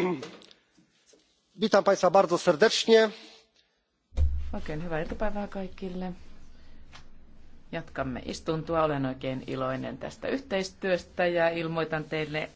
witam państwa bardzo serdecznie. hyvää iltapäivää kaikille. Jatkamme istuntoa. Olen oikein iloinen tästä yhteistyöstä ja ilmoitan teille